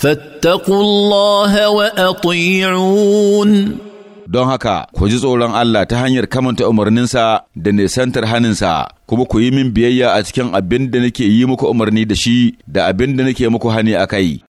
فاتقوا الله وأطيعون don haka ku ji tsoron Allah ta hanyar kamanta umarninsa da nisantar haninsa kuma ku yi min biyayya a cikin abin da nake yi muku umarni da shi da abin da nake muku hani a kai